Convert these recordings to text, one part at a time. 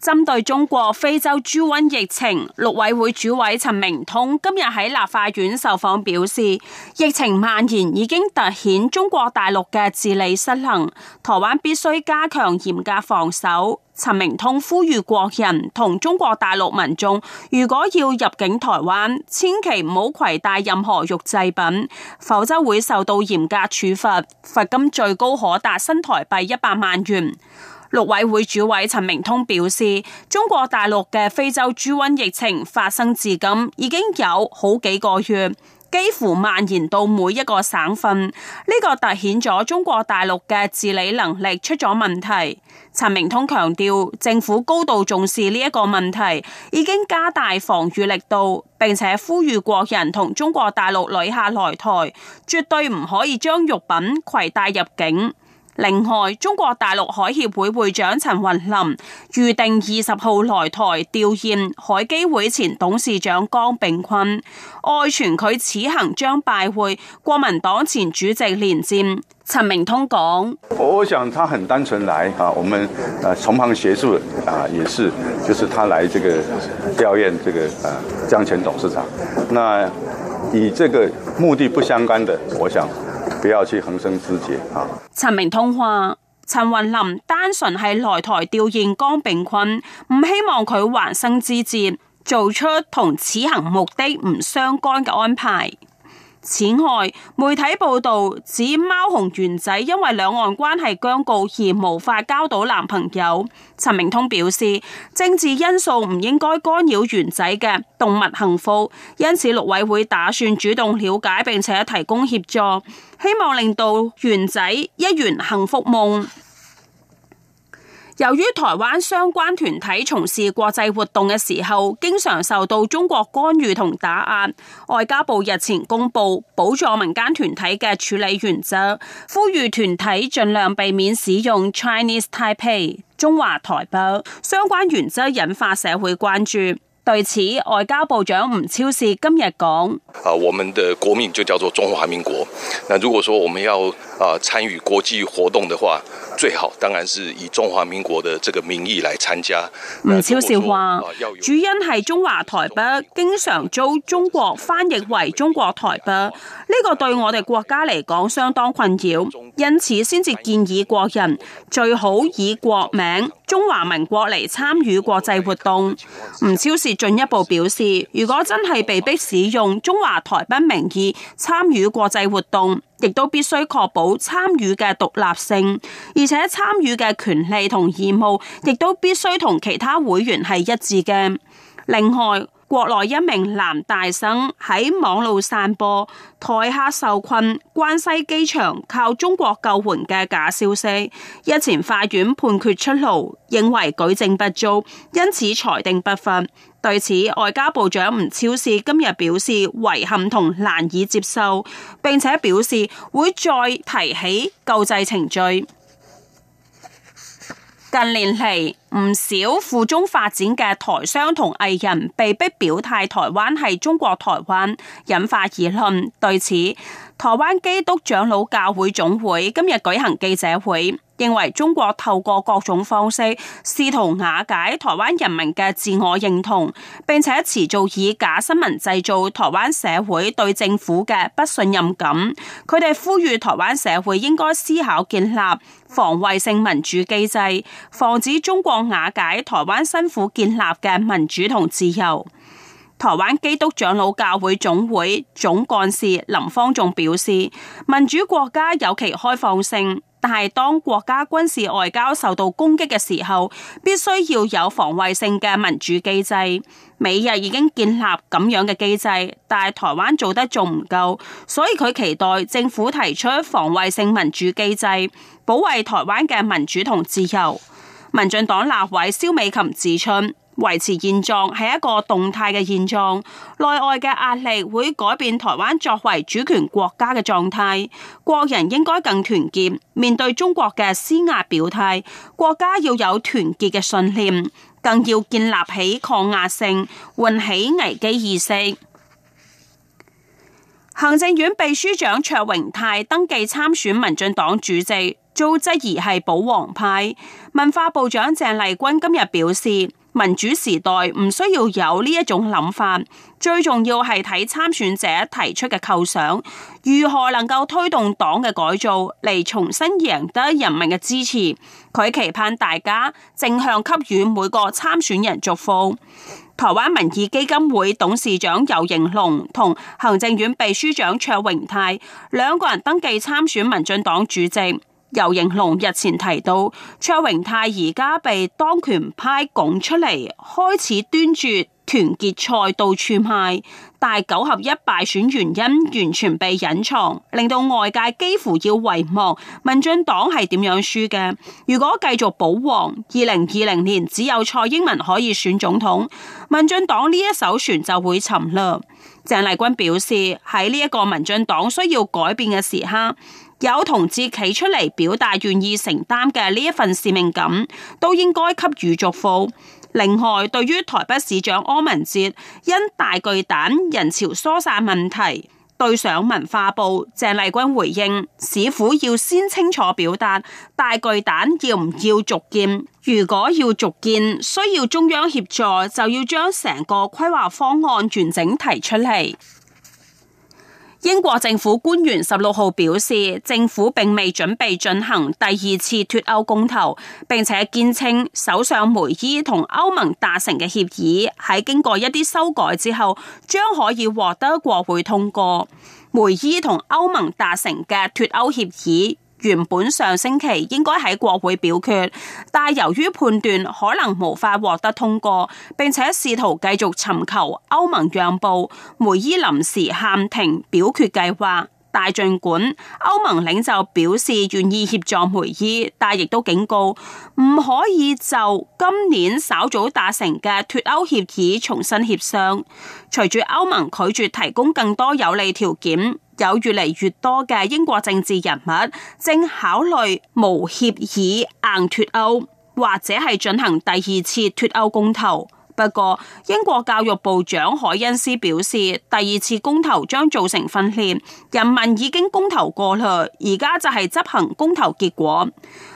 針對中國非洲豬瘟疫情，陸委會主委陳明通今日喺立法院受訪表示，疫情蔓延已經凸顯中國大陸嘅治理失能，台灣必須加強嚴格防守。陳明通呼籲國人同中國大陸民眾，如果要入境台灣，千祈唔好攜帶任何肉製品，否則會受到嚴格處罰，罰金最高可達新台幣一百萬元。陸委會主委陳明通表示，中國大陸嘅非洲豬瘟疫情發生至今已經有好幾個月，幾乎蔓延到每一個省份。呢、這個凸顯咗中國大陸嘅治理能力出咗問題。陳明通強調，政府高度重視呢一個問題，已經加大防禦力度，並且呼籲國人同中國大陸旅客來台，絕對唔可以將肉品携帶入境。另外，中國大陸海協會會長陳雲林預定二十號來台弔唁海基會前董事長江丙坤，外傳佢此行將拜會國民黨前主席連戰。陳明通講：我想他很單純來啊，我們啊從旁協助啊，也是就是他來這個弔唁這個啊江前董事長，那以這個目的不相關的，我想。不要去橫生枝節啊！陳明通話陳雲林單純係來台弔唁江炳坤，唔希望佢橫生枝節，做出同此行目的唔相干嘅安排。此外，媒體報道指貓熊圓仔因為兩岸關係僵固而無法交到男朋友。陳明通表示，政治因素唔應該干擾圓仔嘅動物幸福，因此陸委會打算主動了解並且提供協助，希望令到圓仔一圓幸福夢。由於台灣相關團體從事國際活動嘅時候，經常受到中國干預同打壓，外交部日前公布補助民間團體嘅處理原則，呼籲團體盡量避免使用 Chinese Taipei（ 中華台北）相關原則，引發社會關注。對此，外交部長吳釗燮今日講：啊，我們的國名就叫做中華民國。那如果說我們要，啊！參與國際活動的話，最好當然是以中華民國的這個名義來參加。吳釗燮話，主因係中華台北經常遭中國翻譯為中國台北，呢個對我哋國家嚟講相當困擾，因此先至建議國人最好以國名中華民國嚟參與國際活動。吳釗燮進一步表示，如果真係被逼使用中華台北名義參與國際活動。亦都必須確保參與嘅獨立性，而且參與嘅權利同義務亦都必須同其他會員係一致嘅。另外，國內一名男大生喺網路散播台客受困關西機場靠中國救援嘅假消息，日前法院判決出爐，認為舉證不足，因此裁定不罰。對此，外交部長吳釗燮今日表示遺憾同難以接受，並且表示會再提起救濟程序。近年嚟唔少赴中發展嘅台商同藝人被迫表態台灣係中國台灣，引發議論。對此，台灣基督長老教會總會今日舉行記者會。認為中國透過各種方式試圖瓦解台灣人民嘅自我認同，並且持續以假新聞製造台灣社會對政府嘅不信任感。佢哋呼籲台灣社會應該思考建立防衛性民主機制，防止中國瓦解台灣辛苦建立嘅民主同自由。台灣基督長老教會總會總幹事林芳仲表示：民主國家有其開放性。但係，當國家軍事外交受到攻擊嘅時候，必須要有防衛性嘅民主機制。美日已經建立咁樣嘅機制，但係台灣做得仲唔夠，所以佢期待政府提出防衛性民主機制，保衛台灣嘅民主同自由。民進黨立委蕭美琴指出。維持現狀係一個動態嘅現狀，內外嘅壓力會改變台灣作為主權國家嘅狀態。國人應該更團結，面對中國嘅施壓表態，國家要有團結嘅信念，更要建立起抗壓性，喚起危機意識。行政院秘書長卓榮泰登記參選民進黨主席遭質疑係保皇派。文化部長鄭麗君今日表示：民主時代唔需要有呢一種諗法，最重要係睇參選者提出嘅構想，如何能夠推動黨嘅改造，嚟重新贏得人民嘅支持。佢期盼大家正向給予每個參選人祝福。台灣民意基金會董事長游盈隆同行政院秘書長卓榮泰兩個人登記參選民進黨主席。游盈隆日前提到，卓榮泰而家被當權派拱出嚟，開始端住團結賽到處派，但係九合一敗選原因完全被隱藏，令到外界幾乎要遺忘民進黨係點樣輸嘅。如果繼續保皇，二零二零年只有蔡英文可以選總統，民進黨呢一艘船就會沉啦。鄭麗君表示，喺呢一個民進黨需要改變嘅時刻。有同志企出嚟表達願意承擔嘅呢一份使命感，都應該給予祝福。另外，對於台北市長柯文哲因大巨蛋人潮疏散問題對上文化部鄭麗君回應，市府要先清楚表達大巨蛋要唔要續建，如果要續建，需要中央協助，就要將成個規劃方案完整提出嚟。英國政府官員十六號表示，政府並未準備進行第二次脫歐公投，並且堅稱首相梅伊同歐盟達成嘅協議喺經過一啲修改之後，將可以獲得國會通過。梅伊同歐盟達成嘅脫歐協議。原本上星期應該喺國會表決，但由於判斷可能無法獲得通過，並且試圖繼續尋求歐盟讓步，梅伊臨時喊停表決計劃。大儘管歐盟領袖表示願意協助梅伊，但亦都警告唔可以就今年稍早達成嘅脫歐協議重新協商，隨住歐盟拒絕提供更多有利條件。有越嚟越多嘅英國政治人物正考慮無協議硬脱歐或者係進行第二次脱歐公投。不過英國教育部長海恩斯表示，第二次公投將造成分裂，人民已經公投過去，而家就係執行公投結果。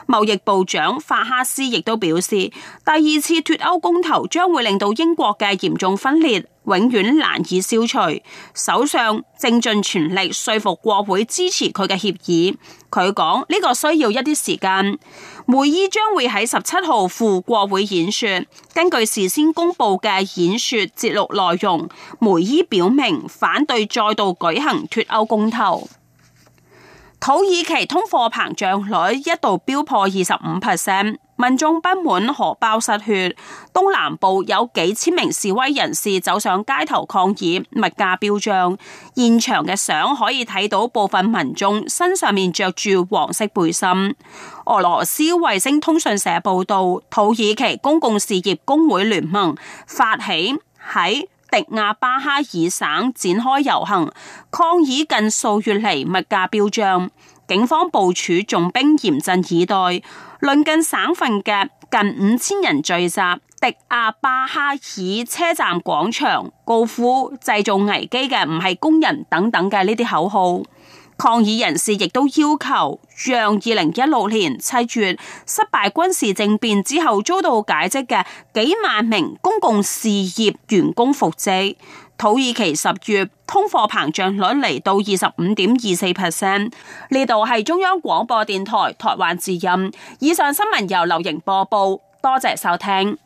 貿易部長法哈斯亦都表示，第二次脱歐公投將會令到英國嘅嚴重分裂，永遠難以消除。首相正盡全力說服國會支持佢嘅協議。佢講呢個需要一啲時間。梅伊將會喺十七號赴國會演說。根據事先公布嘅演說節錄內容，梅伊表明反對再度舉行脫歐公投。土耳其通貨膨脹率一度飆破二十五%。民眾不滿荷包失血，東南部有幾千名示威人士走上街頭抗議，物價飆漲。現場嘅相可以睇到部分民眾身上面着住黃色背心。俄羅斯衛星通訊社報道，土耳其公共事業工會聯盟發起喺迪亞巴哈爾省展開游行，抗議近數月嚟物價飆漲。警方部署重兵嚴陣以待，鄰近省份嘅近五千人聚集迪亞巴克爾車站廣場，高呼製造危機嘅唔係工人等等嘅呢啲口號。抗議人士亦都要求讓二零一六年七月失敗軍事政變之後遭到解職嘅幾萬名公共事業員工復職。土耳其十月通貨膨脹率嚟到二十五點二四 percent。呢度係中央廣播電台台灣之音。以上新聞由劉瑩播報。多謝收聽。